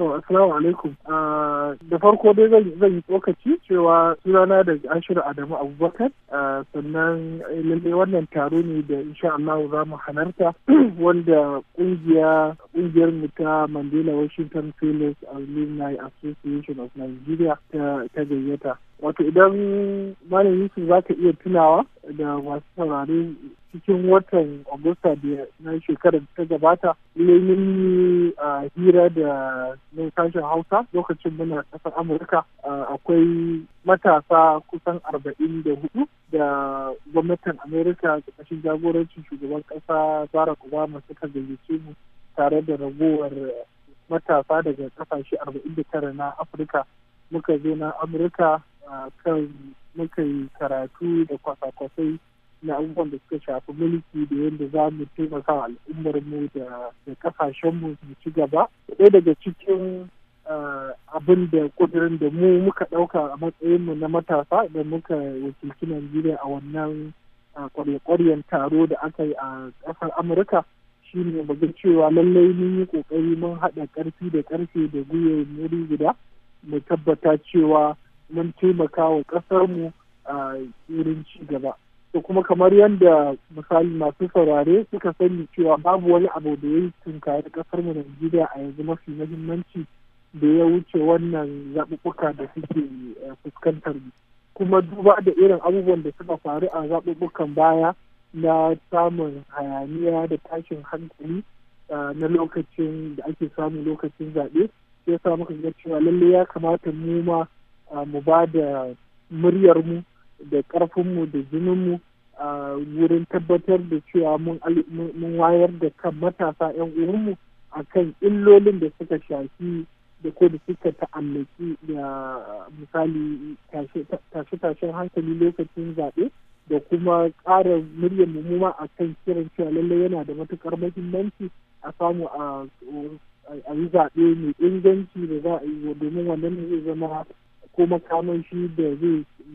To, Assalamu ah, Da farko dai zan yi tsokaci cewa sunana da Ashiru Adamu Abubakar ah, sannan eh, lalle wannan taro ne da insha Allah za mu halarta wanda kungiya kungiyar mu ta Mandela Washington Fellows Alumni Association of Nigeria ta gayyata. Wato idan Malam Yusuf za ka iya tunawa da masu saurare cikin watan agusta da na shekarar ta gabata mun a hira da sashen hausa lokacin muna ƙasar amurka akwai matasa kusan arba'in da hudu da gwamnatin amerika ƙarƙashin jagorancin shugaban ƙasa barack obama suka gayyace mu tare da ragowar matasa daga ƙasashe arba'in da tara na afirka muka zo na amurka kan muka yi karatu da kwasa-kwasai na abubuwan da suka shafi mulki da yadda za mu taimaka al'ummar mu da kasashen mu su ci gaba ɗaya daga cikin abin da kudirin da mu muka ɗauka a matsayin mu na matasa da muka wakilci najeriya a wannan kwarye-kwaryen taro da aka yi a ƙasar amurka shine muga cewa lallai mun yi ƙoƙari mun haɗa ƙarfi da ƙarfe da gwiwa muri guda mu tabbata cewa mun taimaka wa mu a wurin ci gaba. da kuma kamar yadda misali masu saurare suka sani cewa babu wani abu da ya yi tunkari kasar mu Najeriya a yanzu mafi muhimmanci da ya wuce wannan zaɓuɓɓuka da suke eh, fuskantar mu kuma duba da irin abubuwan da suka faru a zaɓuɓɓukan baya na samun hayaniya da tashin hankali eh, na lokacin da ake samu lokacin zaɓe sai sa muka ga cewa lallai ya kamata mu ma mu ba da muryarmu da ƙarfinmu da jininmu wurin tabbatar da cewa mun wayar da kan matasa 'yan uwanmu a kan illolin da suka shafi da ko da suka ta'allaki da misali tashe-tashen hankali lokacin zaɓe da kuma ƙara muryar mummuma a kan kiran cewa lallai yana da matuƙar muhimmanci a samu a yi zaɓe mai inganci da za a yi domin wannan zai zama ko makamashi da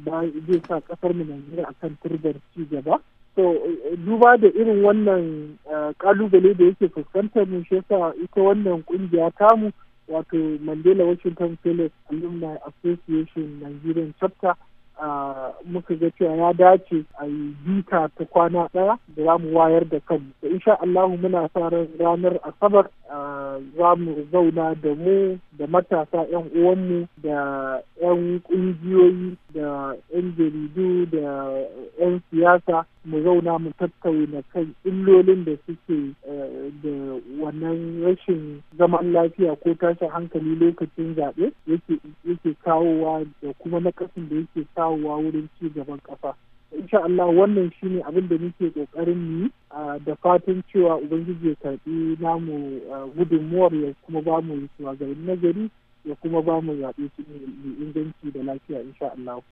zai sa kasar mu Najeriya akan turbar ci gaba. So duba da irin wannan kalubale eh, da yake fuskantar mu shi yasa ita wannan kungiya mu wato Mandela Washington Fellows Alumni Association Nigerian Chapter eh, muka ga cewa ya dace a yi bita ta kwana ɗaya da za mu wayar da kanmu. Da insha Allah muna sa ran ranar Asabar eh, za mu zauna da mu da matasa 'yan uwanmu da 'yan kungiyoyi da 'yan jaridu da 'yan siyasa mu zauna mu tattauna kan illolin da suke eh, da wannan rashin zaman lafiya ko tashin hankali lokacin zaɓe yake kawowa da kuma nakasin da yake kawowa wurin ci gaban ƙasa. insha Allah wannan shine abin da muke kokarin yi da fatan cewa ubangiji ya karbi namu gudunmuwar ya kuma ba mu shugabanni nagari ya kuma ba mu zaɓe su inganci da lafiya insha Allah